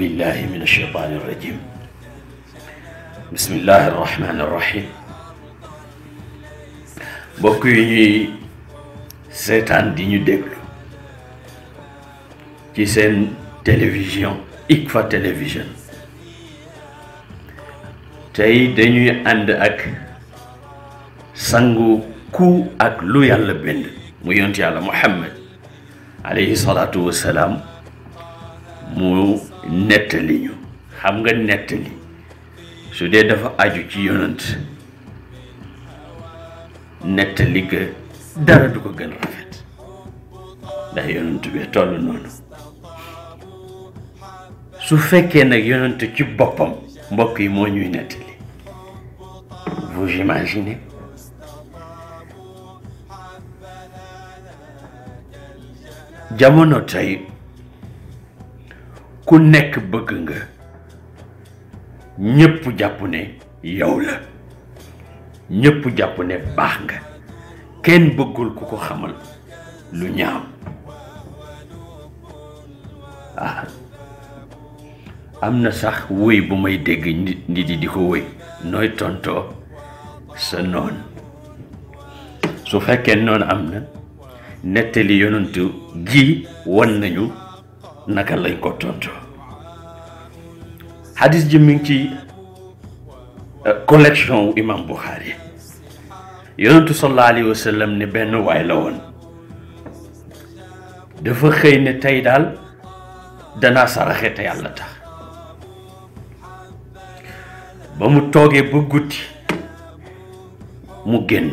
billahi min alsheytaani irrajim bismillahi irrahmani irrahim mbokk yi ñuy seetaan di ñu déglu ci seen télévision ICFA télévision tey dañuy ànd ak sangu ku ak lu yàlla bind mu yont yàlla Muhammad alayhi salaatu wassalaam mu nettali ñu xam nga nettali su dee dafa aju ci yonant nettali ga dara du ko gën rafet ndax yonant bi toll noonu su fekkee nag yonant ci boppam mbokk yi moo ñuy nettali jamono tey ku nekk bëgg nga ñépp jàpp ne yow la ñépp jàpp ne baax nga kenn bëggul ku ko xamal lu ñaaw ah. am na sax woy bu may dégg nit nit di ko woy nooy tontoo sa noon su fekkee noonu am na nettali yonantu gi wan nañu naka lañ ko tontoo xadis ji mi ngi ci euh, collection wu imam Buxaari yonentu sallallahu alayhi wa sallam ne benn waay la woon dafa xëy ne tey daal danaa saraxe te yàlla tax ba mu toogee ba guddi mu génn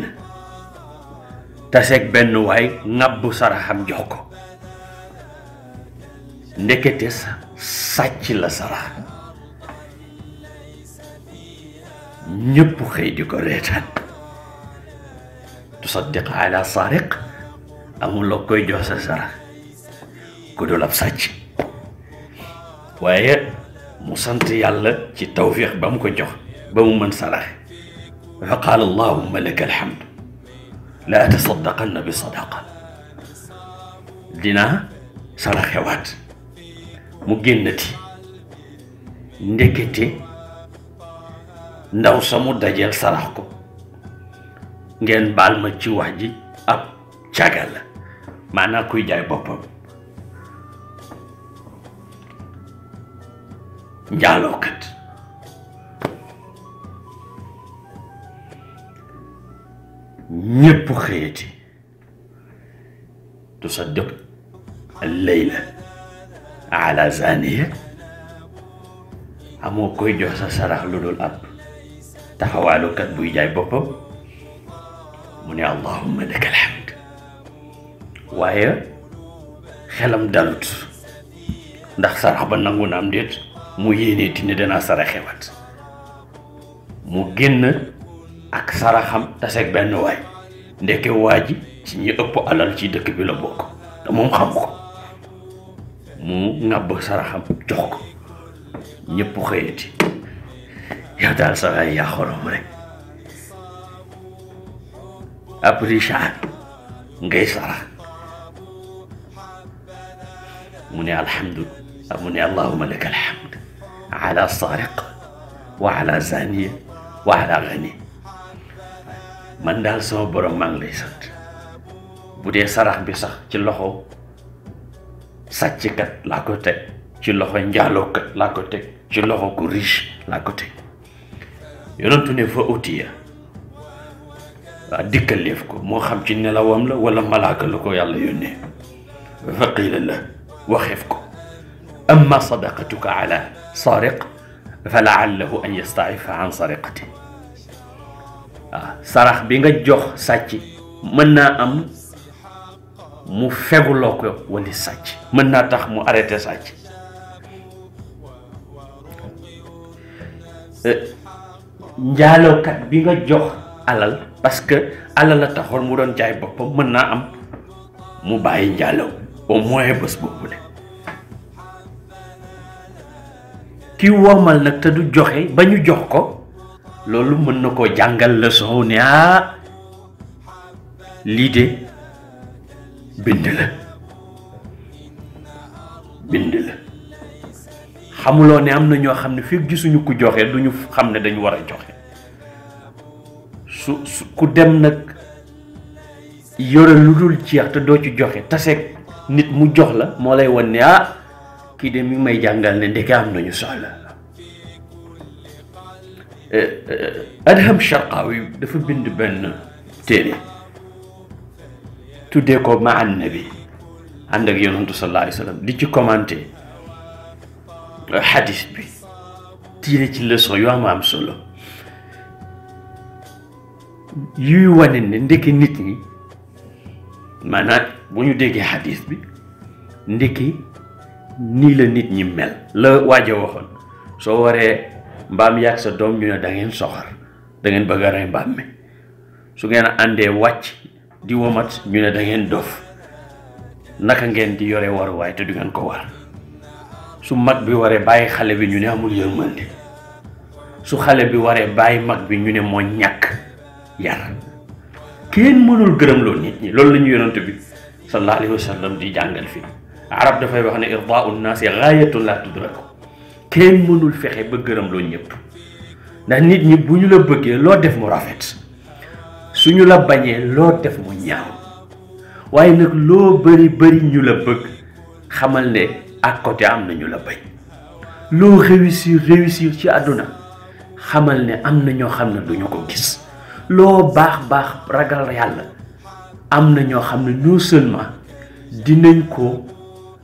taseeg benn waay ŋàbbu saraxam jox ko ndekete sa sàcc la sarax ñëpp xëy di ko reetaan tusaddiq ala sariq amuloo koy jox sa sarax ku dul ab waaye mu sant yàlla ci tawfiix ba mu ko jox ba mu mën saraxe fa qaal allahumma laka alhamd la atasaddaqanna bi sadaqa dinaa saraxewaat mu génnati ndekete ndaw sa mu dajeel sarax ko ngeen baal ma ci wax ji ab caga la maanaam kuy jaay boppam njaalookat ñépp xëyati tu sa dëpp leyla ala zaniya amoo koy jox sa sarax lu ab taxawaalukat buy jaay boppam mu ne allahumma lakal hamd waaye xelam dalut ndax sarax ba nangu naam am déet mu yéeneeti ne danaa saraxewaat mu génn ak saraxam taseeg benn waay ndekke waa ji ci ñi ëpp alal ci dëkk bi la bokk te moom xam ko mu ŋàbb saraxam jox ko ñëpp xëyati yow daal sa waay yaa xorom rek ab richard ngay sarax mu ne alhamdu mu ne allahuma laka alhamd ala sariq wa ala zaniya wa ala gani man daal sama borom maa ngi lay sant bu dee sarax bi ci loxo sàcckat laa ci loxo njaalookat laa ko teg ci loxo ku riche laa yonentu ne fa utiya waa dikkaleef ko moo xam ci nelawam la wala malaaka la ko yàlla yónnee fa qiila la waxeef ko amma sadaqatuka ala sariq fa laallahu an yastaifa an sariqati waaw sarax bi nga jox sàcc mën naa am mu feguloo ko wali sàcc mën naa tax mu arrêté sàcc eh, njaalookat bi nga jox alal parce que alal la taxoon mu doon jaay boppam mën naa am mu bàyyi njaaloo au moins bés boobu de ki womal nag te du joxe ba ñu jox ko loolu mën na koo jàngal leçon ne ah lii de bind la bind la amuloo ne am na ñoo xam ne fii gisuñu ko joxe du ñu xam ne dañu war a joxe su su ku dem nag yore lu dul jeex te doo ci joxe taseeg nit mu jox la moo lay wan ne ah kii de mi may jàngal ne ndeke am nañu soxla eh, eh, Adham Sharqawi dafa bind benn téere tuddee ko ma na bi ànd ak yonantu sallallahu alayhi di ci commenté xadis bi tiire ci leçon yu am am solo yuy wane ne ndekki nit ñi maanaam bu ñu déggee xadis bi ndekki nii la nit ñi mel la waaja waxoon soo waree mbaam yàgg sa doom ñu ne da ngeen soxor bëgg a rey mbaam mi su ngeen àndee wàcc di womat ñu ne da ngeen dof naka ngeen di yore waruwaay te du ngeen ko war su mag bi waree bàyyi xale bi ñu ne amul yërmande su xale bi waree bàyyi mag bi ñu ne moo ñàkk yar kenn mënul gërëm loo nit ñi loolu la ñu yonent bi sallallahu alayhi wa di jàngal fii arab dafay wax ne irdaau nnaasi gaayatun laa tudraku kenn mënul fexe ba gërëm loo ñëpp ndax nit ñi bu ñu la bëggee loo def mu rafet su ñu la bañee loo def mu ñaaw waaye nag loo bëri bëri ñu la bëgg xamal ne à côté am na ñu la bañ loo réussir réussir ci àdduna xamal ne am na ñoo xam ne du ñu ko gis loo baax baax ragal yàlla am na ñoo xam ne non seulement dinañ ko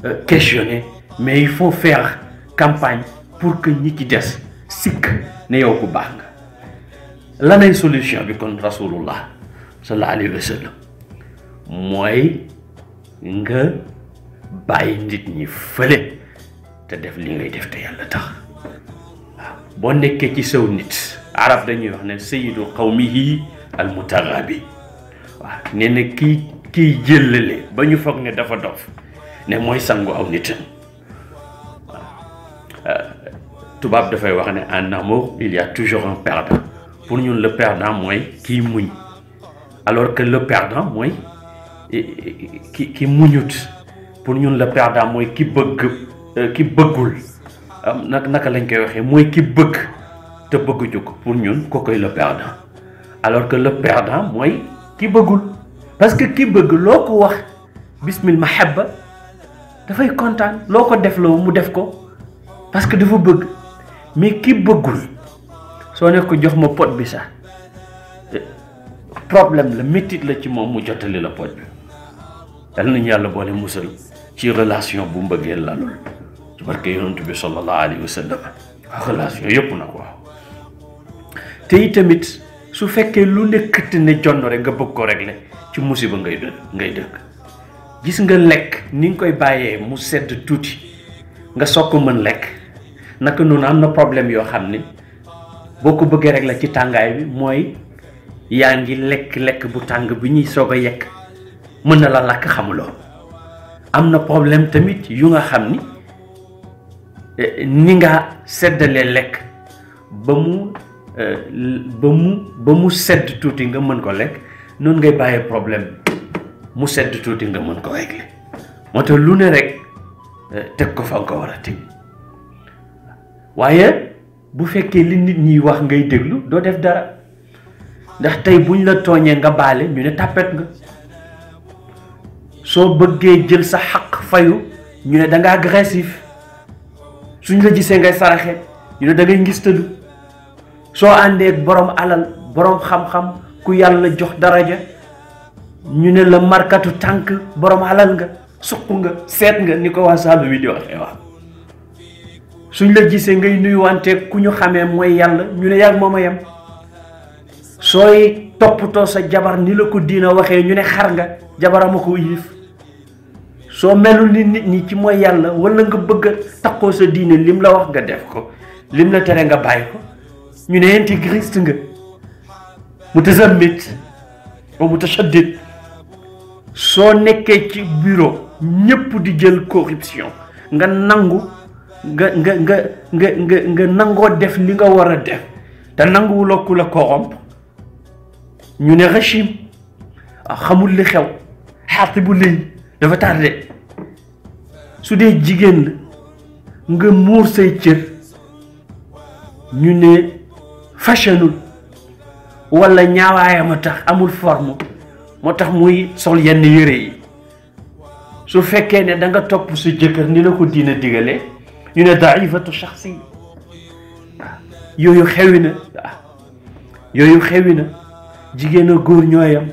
euh, questionner mais il faut faire campagne pour que ñi ci des sikk ne yow ku baax nga lanay solution bi kon rasulullah sallallahu alayhi wa sallam mooy nga bàyyi nit ñi fële te def li ngay def te yàlla tax boo nekkee ci sew nit arab dañuy wax ne sayyidu qawmihi al mutaghabi waaw nee na kii kiy jëllale ba ñu foog ne dafa dof ne mooy sangu aw nit waaw euh, tubaab dafay wax ne en amour il y a toujours un perdant pour ñun le perdant mooy kii muñ alors que le perdant mooy ki ki muñut pour ñun le perdant mooy ki bëgg euh, ki bëggul nag naka lañ koy waxee mooy ki bëgg te bëgg jóg pour ñun ko koy le perdant alors que le perdant mooy ki bëggul parce que ki bëgg loo ko wax bismil mahabba dafay kontaan loo ko def loo mu def ko parce que dafa bëgg mais ki bëggul soo ne ko jox ma pot bi sax euh, problème la métit la ci moom mu jottali la pot bi dal nañu yàlla boole musal ci relation bu mbëggeel lalul ci barke yonent bi sallallahu alayhi yëpp na ko te itamit su fekkee lu nekkati ne jonn rek nga bëgg ko régler ci musiba ngay dë ngay dëkk gis nga lekk ni koy bàyyee mu sedd tuuti nga soog ko mën lekk naka noonu am na problème yoo xam ni boo ko bëggee régler ci tàngaay bi mooy yaa ngi lekk lekk bu tàng bi ñuy soog a yekk mën na la lakk xamuloo am na problème tamit yu nga xam ni ni nga seddalee lekk ba mu euh, ba mu ba mu sedd tuuti nga mën ko lekk noonu ngay bàyyee problème mu sedd tuuti nga mën ko régler moo tax lu ne rek euh, teg ko fa nga ko war a teg waaye bu fekkee li nit ñiy wax ngay déglu doo def dara ndax tey buñ la tooñee nga baale ñu ne tàppet nga soo bëggee jël sa xaq fayu ñu ne da nga agressif suñ la gisee ngay saraxe ñu ne da ngay ngis tëdd soo àndee ak borom alal boroom xam-xam ku yàlla jox daraja ñu ne la markatu tànk boroom alal nga suq nga seet nga ni ko waa Saloum bi di waxee waaw suñ la gisee ngay nuyuwante ku ñu xamee mooy yàlla ñu ne yàgg moom a yem sooy toppatoo sa jabar ni la ko diina waxee ñu ne xar nga jabarama ko yiif soo melul ni nit ñi ci mooy yàlla wala nga bëgg a takkoo sa diine lim la wax nga def ko lim la tere nga bàyyi ko ñu ne intégriste nga mutazammit wa mutachaddid soo nekkee ci bureau ñépp di jël corruption nga nangu nga nga nangoo def li nga war a def te nanguwuloo ku la corrompre ñu ne rachim ah, xamul li xew xaati bu lëy dafa tardé su dee jigéen la nga muur say cër ñu ne fashionul wala ñaawaayam a tax amul forme moo tax muy sol yenn yére yi su fekkee ne danga nga topp sa jëkkër ni la ko diina diggale ñu ne daifatu shaxsi ah, yooyu xewi na ah, yooyu xewi na jigéen a góor ñooyam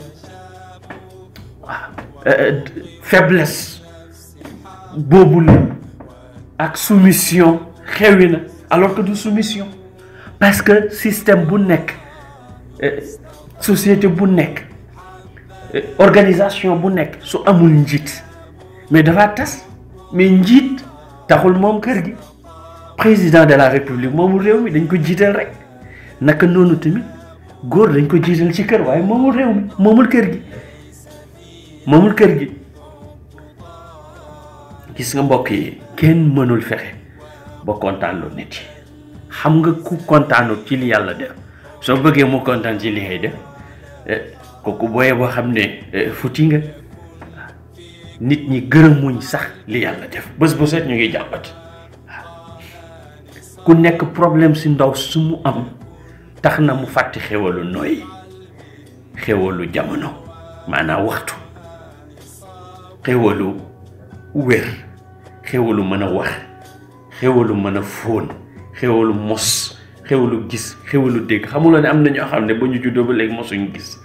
euh, euh, faiblesse boobu la ak soumission xewi na alors que du soumission parce que système bu nekk euh, société bu nekk organisation bu nekk su amul njiit mais dafa tas mais njiit taxul moom kër gi président de la république moomul réew mi dañ ko jiital rek naka noonu tamit góor dañ ko jiital ci kër waaye moomul réew mi moomul kër gi moomul kër gi gis nga mbokk yi kenn mënul fexe ba kontaanloo nit yi xam nga ku kontaanut ci li yàlla def soo bëggee mu kontaan ci li ngay def eh, kooku booyee boo xam ne eh, futi nga nit ñi gërëmuñ sax li yàlla def bés bu set ñu ngi jàmbat ku nekk problème si ndaw su mu am tax na mu fàtte xéwalu nooy xéwalu jamono maanaa waxtu xéwalu wér xéwalu mën a wax xéwalu mën a fóon xéwalu mos xéwalu gis xéwalu dégg xamuloo ne am na ñoo xam ne ba ñu juddoo ba léegi mosuñu gis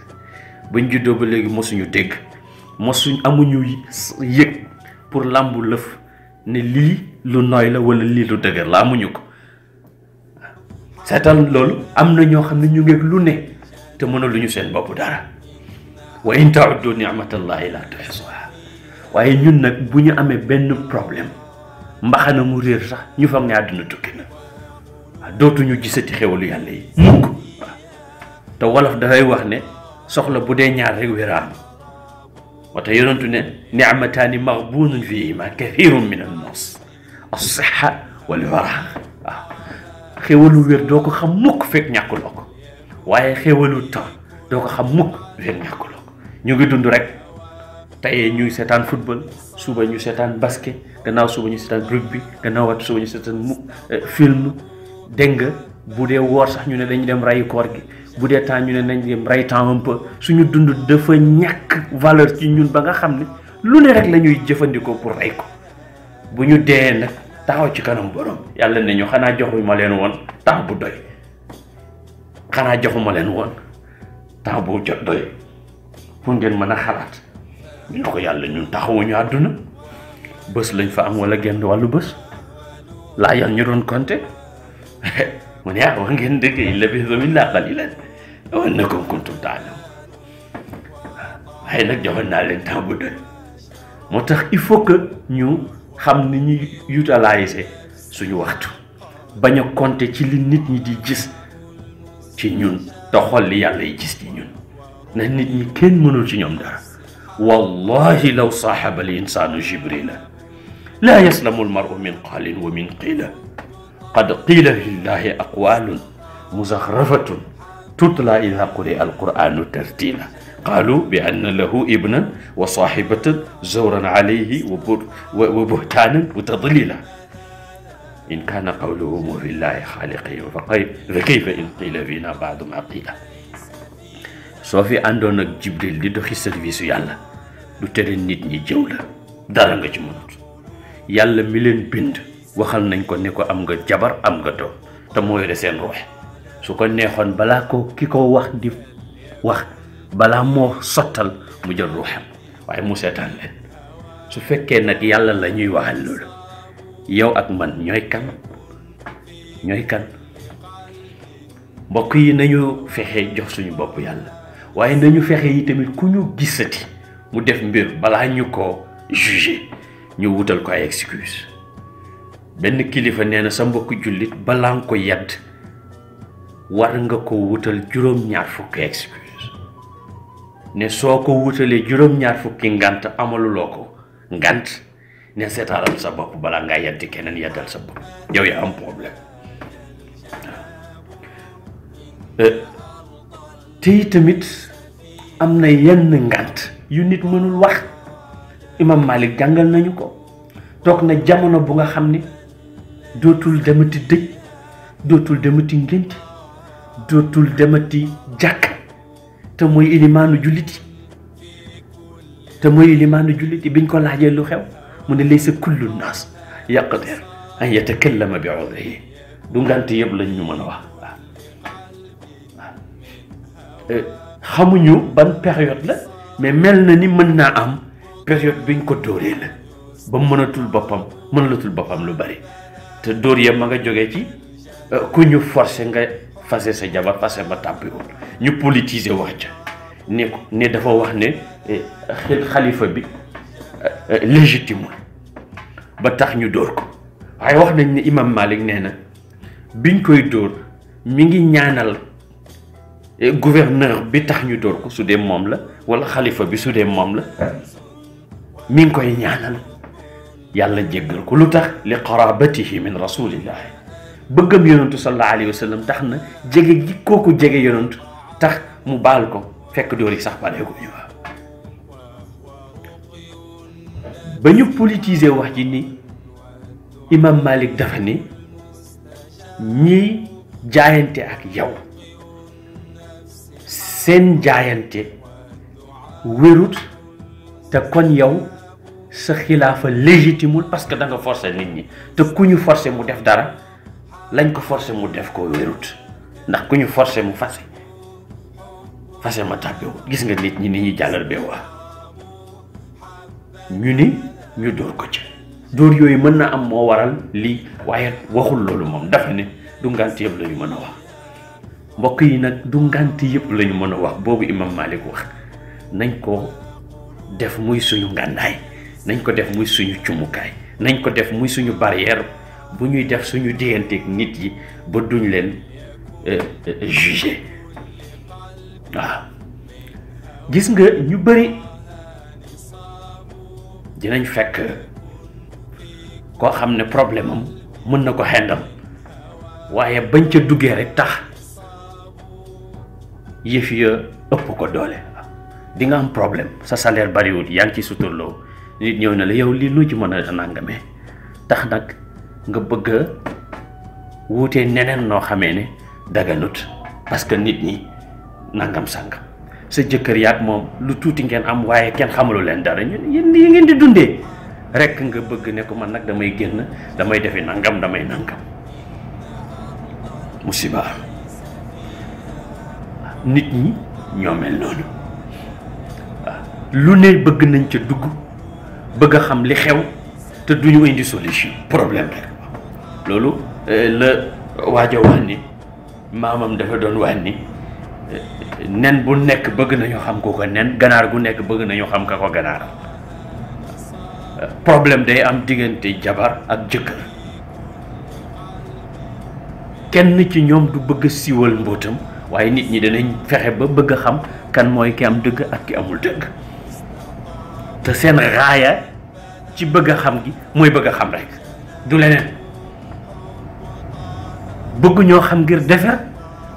ba ñu juddoo ba léegi mosuñu dégg mosuñ amuñu yëg pour làmbu lëf ne lii lu nooy la walla lii lu dëgër la amuñu ko seetal loolu am na ñoo xam ne ñu ngeeg lu ne te mënaluñu seen bopp dara wa in tauddu nicmatallahi la waaye ñun nag bu ñu amee benn problème mbaxana mu réer sax ñu foog ne àdduna tukki na waaw dootuñu gisati xewalu yàlla yi mukk waaw te wolof dafay wax ne soxla bu dee ñaar rek wéraam wata yonentu ne nicmataani maxbuunun fihima kathirun min annas alsiha wal wara waaw xéwalu wér doo ko xam mukk fekk ñàkkuloo ko waaye xéwalu temps doo ko xam mukk fekk ñàkkuloo ko ñu ngi dund rek tey ñuy seetaan football suba ñu seetaan basket gannaaw suba ñu seetaan rugby gannaaw wat suba ñu seetaan mu euh, film dégg nga bu dee woor sax ñu ne dañu dem rayu koor gi bu dee temps ñu ne nañ dem ray temps un peu suñu dund dafa ñàkk valeur ci ñun ba nga xam ne lu ne rek la ñuy jëfandikoo pour rey ko bu ñu dee nag. taxaw ci kanam borom yàlla na ñu xanaa joxuma leen woon temps bu doy joxuma leen woon tax bu jot doy pour ngeen mën a xalaat ñu ne ko yàlla ñun taxawuñu àdduna bës lañ fa am wala genn wàllu bës laa yal ñu doon compter mu ne ah wax ngeen dëgg yi la biso min laa qalilan aw annakum waaye nag joxoon naa leen temps bu doy moo tax il faut que ñu xam ni ñuy utiliser suñu waxtu bañ a compter ci li nit ñi di gis ci ñun te xool li yàlla yi gis ci ñun ndax nit ñi kenn mënul ci ñoom dara wallahi law saaxaba al insaanu jibrila laa yaslamu almaru min qaalin wa min qiila qad qiila lillahi aqwaalun muzaxrafatun tutla ida quri alquranu tartila qaalu bi anna lahu ibnan wa sahibatan zawran alayhi wa buhtaanan wa tadlila in kaana qawluhu murillahi xaaliqihim fa kayfa in qiila fiina baadu ma qiila soo fi àndoon ak jibril di doxi service yàlla du tere nit ñi jëw la dara nga ci mënut yàlla mi leen bind waxal nañ ko ne ko am nga jabar am nga doom te moo yore seen ruux su ko neexoon balaa ko ki ko wax di wax balaa moo sottal mu jot ruuxam waaye mu seetaan leen su fekkee nag yàlla la ñuy waxal loolu yow ak man ñooy kan ñooy kan mbokk yi nañu fexe jox suñu bopp yàlla waaye nañu fexe yi tamit ku ñu gisati mu def mbir balaa ñu ko juger ñu wutal ko ay excuse benn kilifa nee na sa mbokk jullit balaa nga ko yedd war nga ko wutal juróom-ñaar fukki excuse ne soo ko wutalee juróom-ñaar fukki ngant amaluloo ko ngant ne seetaalal sa bopp balaa ngaa yaddi keneen yaddal sa bopp yow yaa am problème eh, te tamit am na yenn ngant yu nit mënul wax imam Malik jàngal nañu ko toog na jamono bu nga xam ne dootul demati dëj dootul demati ngént dootul demati jàkk te muy ilimaanu julliti te muy ilimaanu julliti biñ ko laajee lu xew mu ne laysa kullu naas yaqdir an yatakallama bi udrihi du ngànt yëpp lañ ñu mën a wax eh, xamuñu ban période la mais mel na ni mën naa am période biñ ko dóoree la ba mënatul boppam mënatul boppam lu bari te dóor ya ma nga jógee ci eh, ku ñu forcé nga fase sa jabar fase ba tàbbi woon ñu politiser wax ja ne ko ne dafa wax ne eh, xalifa bi eh, eh, légitimul ba tax ñu dóor ko waaye wax nañ ni imam Malik nee na biñ koy dóor mi ngi ñaanal gouverneur bi tax ñu dóor ko su dee moom la walla xalifa bi su dee moom la mi ngi koy ñaanal yàlla jéggal ko lu tax li qarabatihi min rasulillah bëggam yonantu sallallahu alayhi wa sallam tax na jege gi kooku jege yonantu tax mu baal ko fekk dóor yi sax baleeku ñu waaw ba ñu politiser wax ji ni imam Malik dafa ni ñiy jaayante ak yow seen jaayante wérut te kon yow sa xilaafa légitimul parce que da nga nit ñi te ku ñu forcer mu def dara lañ ko forcé mu def ko wérut ndax ku ñu forcé mu fase fase ma tàppewut gis nga nit ñi ni ñuy jàllar bee waa ñu ni ñu dóor ko ci dóor yooyu mën na am moo waral lii waaye waxul loolu moom dafa ne du ngànt yëpp lañu ñu mën a wax mbokk yi nag du ngànt yëpp lañu mën a wax boobu imam Malik wax nañ ko def muy suñu ngànnaay nañ ko def muy suñu cumukaay nañ ko def muy suñu barrière bu ñuy def suñu digganteeg nit yi ba duñ leen euh, euh, jugé waaw gis nga ñu bari dinañ fekk koo xam ne problème am mën na ko xendal waaye bañ ca duggee rek tax yëf ya ëpp ko doole dinga nga am problème sa salaire bariwul yaa ngi ci suturloo nit ñëw na la yow lii nu ci mën a nàngamee tax nag nga bëgg a wuute neneen noo xamee ne daganut parce que nit ñi nangam sàngam sa jëkkër yaat moom lu tuuti ngeen am waaye kenn xamalu leen dara ñun yi ngeen di dundee rekk nga bëgg ne ko man nag damay génn damay defi nangam damay nangam musiba nit ñi ñoo mel noonu lu ne bëgg nañ ca dugg bëgg a xam li xew te duñu di solution problème loolu eh, la waajo wax ni maamam dafa doon wax ni eh, nen bu nekk bëgg nañu xam ko ko nen ganaar gu nekk bëgg nañu xam ka ko ganaar problème day am diggante jabar ak jëkkër kenn ci ñoom du bëgg siiwal mbóotam waaye nit ñi danañ fexe ba bëgg xam kan mooy ki am dëgg ak ki amul dëgg te seen raaya ci bëgg xam gi mooy bëgg xam rek du leneen bëgg ñoo xam ngir defar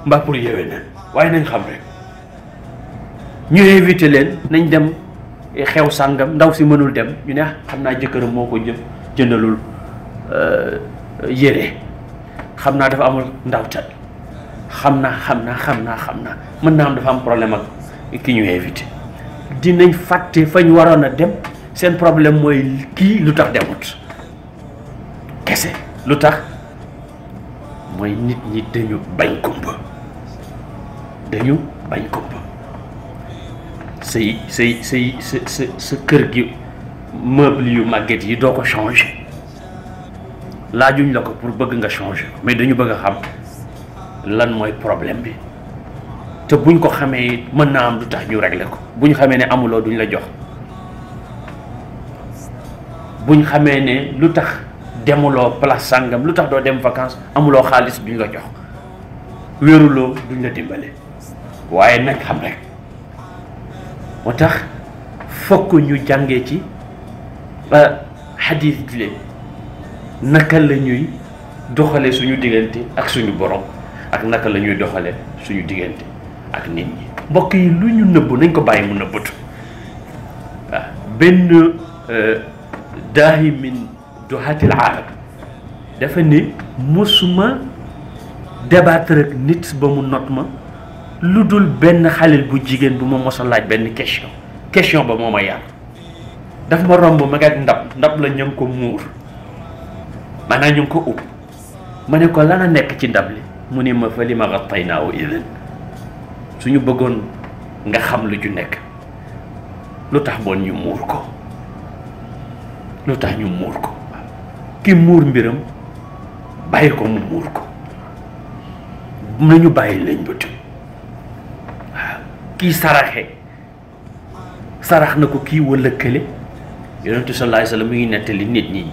mbaa pour yewe na waaye nañ xam rek ñu invité leen nañ dem xew sàngam ndaw si mënul dem ñu ne ah, xam naa jëkkër moo ko jë jëndalul euh, yére xam naa dafa amul ndaw tat xam naa xam naa xam naa xam naa mën naa am dafa am problème ak ki ñu invité dinañ fàtte fañ waroon a dem seen problème mooy kii lu tax demut kese lu tax mooy nit ñi dañu bañ kumpa dañu bañ kumpa say say say sa sa sa kër gi meuble yu màgget yi doo ko changer laajuñ la ko pour bëgg nga changer mais dañu bëgg a xam lan mooy problème bi te buñ ko xamee it mën naa am lu tax ñu régler ko buñ xamee ne amuloo duñ la jox buñ xamee ne lu tax demuloo place sàngam lu tax doo dem vacances amuloo xaalis duñ la jox wéruloo duñ la dimbale waaye nag xam rek moo tax fokk ñu jàngee ci euh, xadiis bi naka la ñuy doxale suñu diggante ak suñu borom ak naka la ñuy doxale suñu diggante ak nit ñi mbokk yi lu ñu nëbb nañ ko bàyyi mu nëbbatu waaw benn euh, daahimin duhaatil aarab dafa ni musuma débattre ak nit ba mu not ma lu dul benn xalil bu jigéen bu ma mos laaj benn question question ba moo ma yar daf ma romb ma nga ndab ndab la ñu ko muur maanaam ñu ngi ma ne ko lan a nekk ci ndab li mu ne ma fa li ma rattay naaw idan suñu bëggoon nga xam lu ju nekk lu tax boon ñu muur ko lu tax ñu muur ko ki muur mbiram bàyyi ko mu muur ko nañu bàyyi lañ bëtu waaw kii saraxe sarax na ko kii wala kële yonentu sallallahu alayhi wasallam mu ngi nettali nit ñi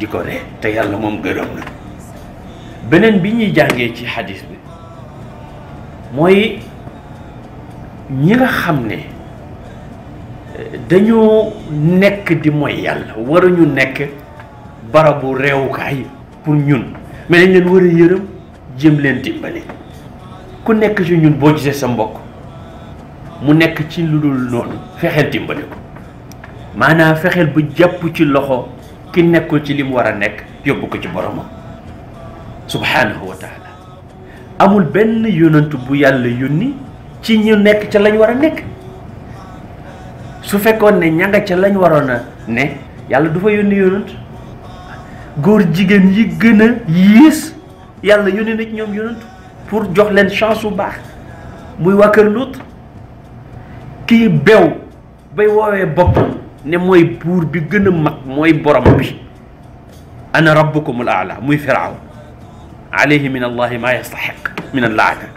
di ko ree te yàlla moom gërëm na beneen bi ñuy jàngee ci xadis bi mooy ñi nga xam ne eh, dañoo nekk di mooy yàlla waruñu nekk barabu réewukaay pour ñun mais dañ leen war a yërëm jëm leen dimbali ku nekk ci ñun boo gisee sa mbokk mu nekk ci lu dul noonu fexeel dimbali ko maanaam fexeel bu jàpp ci loxo ki nekkul ci li war a nekk yóbbu ko ci boromam subhaanahu wa amul benn yonantu bu yàlla yónni ci ñu nekk ca lañ war a nekk su fekkoon ne ña ca lañ waroon a ne yàlla du fa yónni yonant góor jigéen yi gën a yiis yàlla yónnee na ci ñoom yonent pour jox leen chance bu baax muy waa kër Luut kii bew bay woowee boppam ne mooy buur bi gën a mooy borom bi ana rabbukumul aala muy firawn alayhi min allahi maa yastaxiq min allaana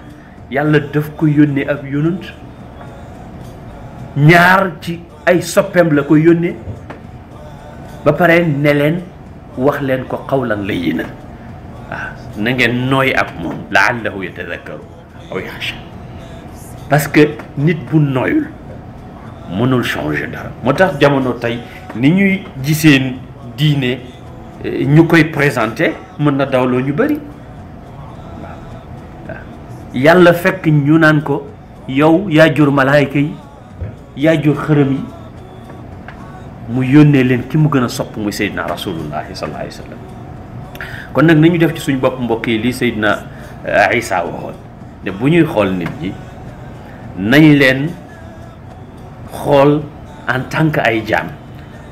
yàlla daf ko yónnee ab yonent ñaar ci ay soppeem la ko yónnee ba pare wax leen ko qawlan la waaw na ngeen nooy ab moom laallahu yatadakkaru aw yaxsha parce que nit bu nooyul mënul changer dara moo tax jamono tey ni ñuy gisee diine eh, ñu koy présenté mën na dawloo ñu bëri yàlla fekk ñu naan ko yow yaa jur malaayka yi yaa jur xërëm yi mu yónnee leen ki mu gën a sopp muy Seydina rasulullahi sallallahu alayhi wa sallam kon nag nañu def ci suñu bopp mbokk yi lii Seydina eh, Isa waxoon ne bu ñuy xool nit ñi nañ leen xool en tant ay jaam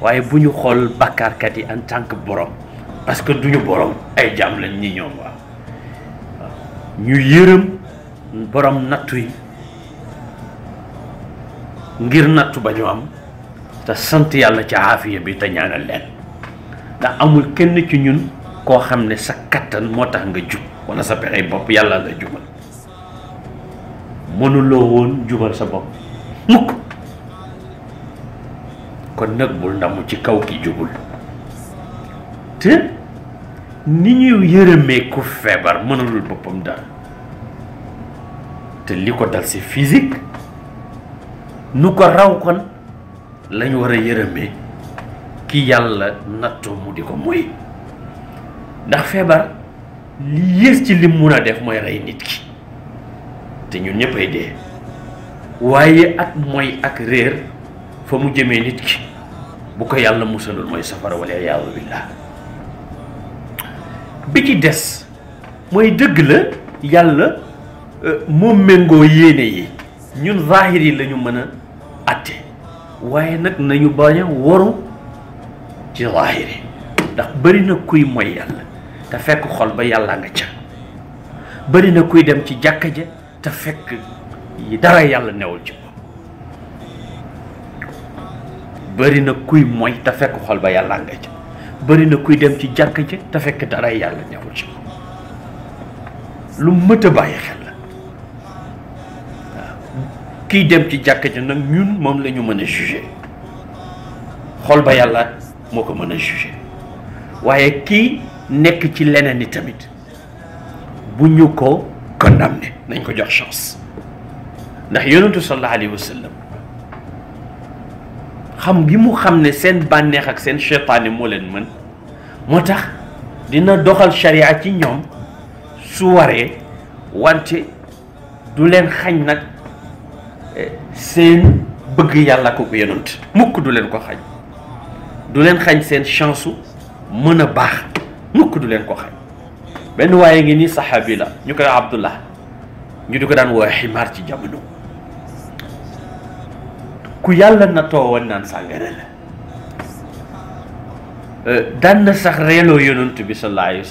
waaye bu ñu xool bàkkaarkat yi en tant que borom parce que duñu borom ay jaam lañ ñi ñoom waaw ñu yërëm borom nattu yi ngir nattu ba ñu am te sant yàlla ci aafiya bi te ñaanal leen ndax amul kenn ci ñun koo xam ne sa kattan moo tax nga jub wala sa pexe bopp yàlla la jubal mënuloo woon jubal sa bopp mukk kon nag bul ndamu ci kaw ki jubul te ni ñuy yërëmee ku feebar mënulul boppam dara te li ko dal si physique nu ko raw kon lañu war a yërëmee ki yàlla nattu mu di ko muy ndax feebar li yées ci lim mun a def mooy rey nit ki te ñun ñëpp ay dee waaye ak mooy ak réer fa mu jëmee nit ki bu ko yàlla musalul mooy safara wala yàlla bi ci des mooy dëgg la yàlla euh, moom méngoo yéene yi ñun zahir yi la mën a atte waaye nag nañu bañ a waru ci zaahiri ndax bëri na kuy moy yàlla te fekk xol ba yàlla nga ca bari na kuy dem ci jàkka ja te fekk dara yàlla newul ci moom bëri na kuy mooy te fekk xol ba yàlla nga ca bari na kuy dem ci jàkka ja te fekk dara yàlla newul ci moom lu mët a bàyyi xel kiy dem ci jàkka ji nag ñun moom lañu mën a jugé xool ba yàlla moo ko mën a jugé waaye kii nekk ci leneen i tamit bu ñu ko condamné nañ ko jox chance ndax yonentu sallallahu alayhi wa xam gi mu xam ne seen bànneex ak seen cheytaane moo leen mën moo tax dina doxal sharia ci ñoom su waree wante du leen xañ nag seen bëgg yàlla ko ko yonant mukk du leen ko xañ du leen xañ seen chance mën a baax mukk du leen ko xañ benn waaye ngi nii saxaabi la ñu koy abdullah ñu di ko daan woowee ximaar ci jamono ku yàlla na toowoon naan sàngara la euh, daan na sax reeloo yonant bi sallallahu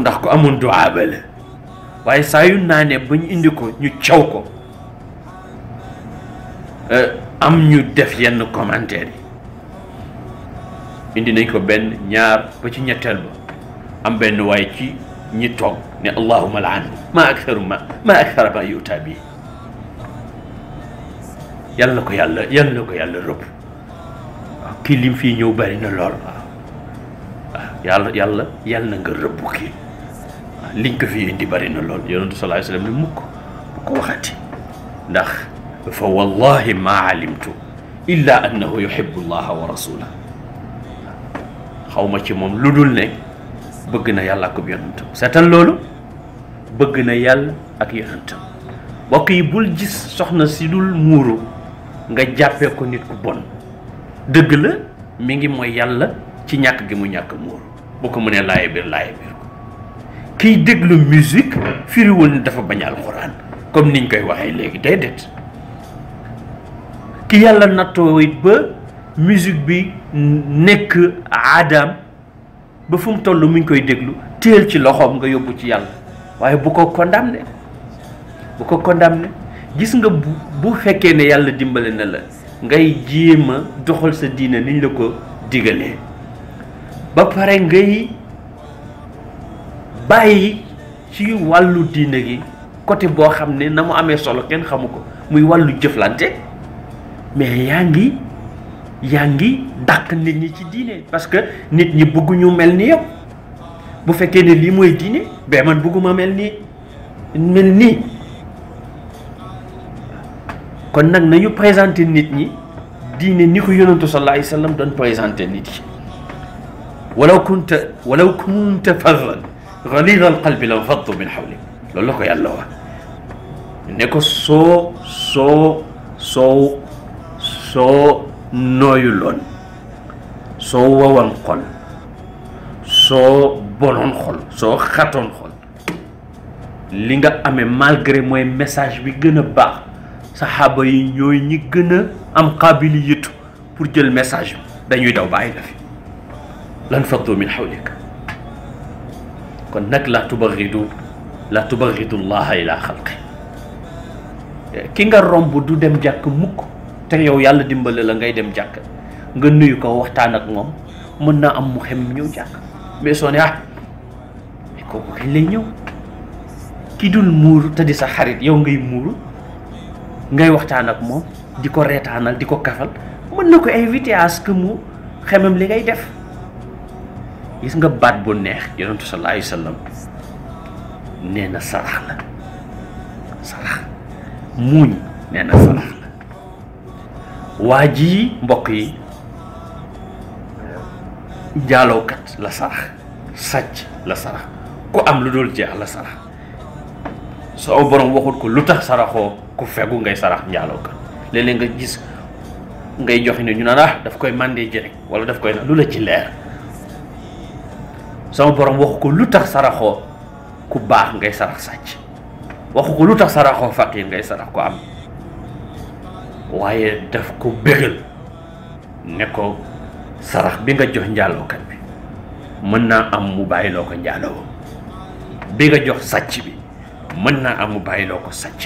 ndax ko amoon la waaye saa yu naanee ba ñu indi ko ñu caw ko Euh, am ñu def yenn commentaire yi indi nañ ko benn ñaar ba ci ñetteel ba am benn waaye ci ñi toog ne allahuma laanhu ma aktaru ma ma ma yuta bi yàlla ko yàlla yàlla na ko yàlla rëbb kii lim fii ñëw bari na lool waaw yàlla yàlla yàlla na nga rëbb kii liñ ko fi indi bari na lool yonentu sallallahu alayhi wasallam ne mukk bu ko waxati ndax fa wallahi ma alimtu illa annahu yuhibbu llaha wa rasulahu xaw ma ci moom lu dul ne bëgg na yàlla ak yonentam seetaan loolu bëgg na yàlla ak yonentam mbokk yi bul gis soxna si dul muuru nga jàppee ko nit ku bon dëgg la mi ngi mooy yàlla ci ñàkk gi mu ñàkk muuru boo ko mënee laaye biir laaye biir ko kiy déglu musique firiwul ne dafa bañ alxuraan comme niñ koy waxee léegi déedéet ki yàlla nattoo it ba musique bi nekk aadaam ba fum mu toll mu ngi koy déglu téel ci loxoom nga yóbbu ci yàlla waaye bu ko condamné bu ko condamné gis nga bu bu fekkee ne yàlla dimbale na la ngay jéem a doxal sa diina niñ la ko digalee ba pare ngay bàyyi ci wàllu diina gi côté boo xam ne na mu amee solo kenn xamu ko muy wàllu jëflante mais yaa ngi yaa ngi dàq nit ñi ci diine parce que nit ñi bëgguñu mel ni yow bu fekkee ne lii mooy diine ba man bëgguma mel nii mel ni kon nag nañu présenter nit ñi diine ni ko yonantu sallallahu alayhi wa sallam doon présenter nit yi walaw kunta walaw kunta farran ghalida alqalbi lan faddu min hawli loolu la ko yàlla wax ko soo soo soo nooyuloon soo wawan xol soo bonoon xol soo xatoon xol li nga amee malgré mooy message bi gën a baax saxaaba yi ñooy ñi gën a am qaabiliyatu pour jël message bi dañuy daw bàyyi la fi lan faddu min xawlik kon nag laa tubaxidu laa tubaxidu llaha ila xalqi ki nga romb du dem jàkk mukk te yow yàlla dimbale la ngay dem jàkk nga nuyu ko waxtaan ak moom mën naa am mu xem ñëw jàkk mais soo ne ah kooku kañ lay ñëw ki dul muuru te di sa xarit yow ngay muuru ngay waxtaan ak moom di ko reetaanal di ko kafal mën na ko invité à ce que mu xemam li ngay def gis nga baat bu neex yonentu sallallahu alayhi wa sallam nee na sarax la sarax muuñ nee na sarax waa jii mbokk yi jaalookat la sarax sàcc la sarax ku am lu dul jeex la sarax soo borom waxut ko lu tax saraxoo ku fegu ngay sarax njaalookat léeg nga gis ngay joxe ne ñu naan ah daf koy màndee ji rek wala daf koy na lu la ci leer sama borom waxu ko lu tax saraxoo ku baax ngay sarax sàcc waxu ko lu tax saraxoo faqiir ngay sarax ko am waaye daf ko bégal ne ko sarax bi nga jox njaalookat bi mën naa am mu bàyyiloo ko njaaloo bi nga jox sàcc bi mën naa am mu bàyyiloo ko sàcc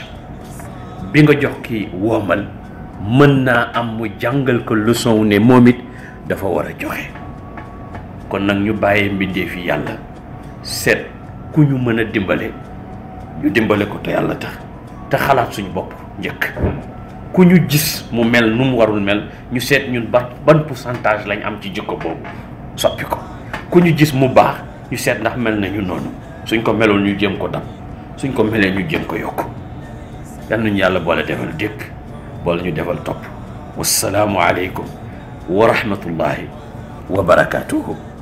bi nga jox ki woomal mën naa am mu jàngal ko leçon wu ne moom it dafa war a joxe kon nag ñu bàyyee mbindeef yi yàlla seet ku ñu mën a dimbale ñu dimbale ko te yàlla tax te xalaat suñu bopp njëkk ku ñu gis mu mel nu mu warul mel ñu seet ñun ba ban pourcentage lañ am ci jikko boobu soppi ko ku ñu gis mu baax ñu seet ndax mel nañu noonu suñ ko meloon ñu jëm ko dam suñ ko melee ñu jëm ko yokk yal nañu yàlla boole defal dégg boole ñu defal topp wasalaamu aleykum wa rahmatullahi wa barakaatuhu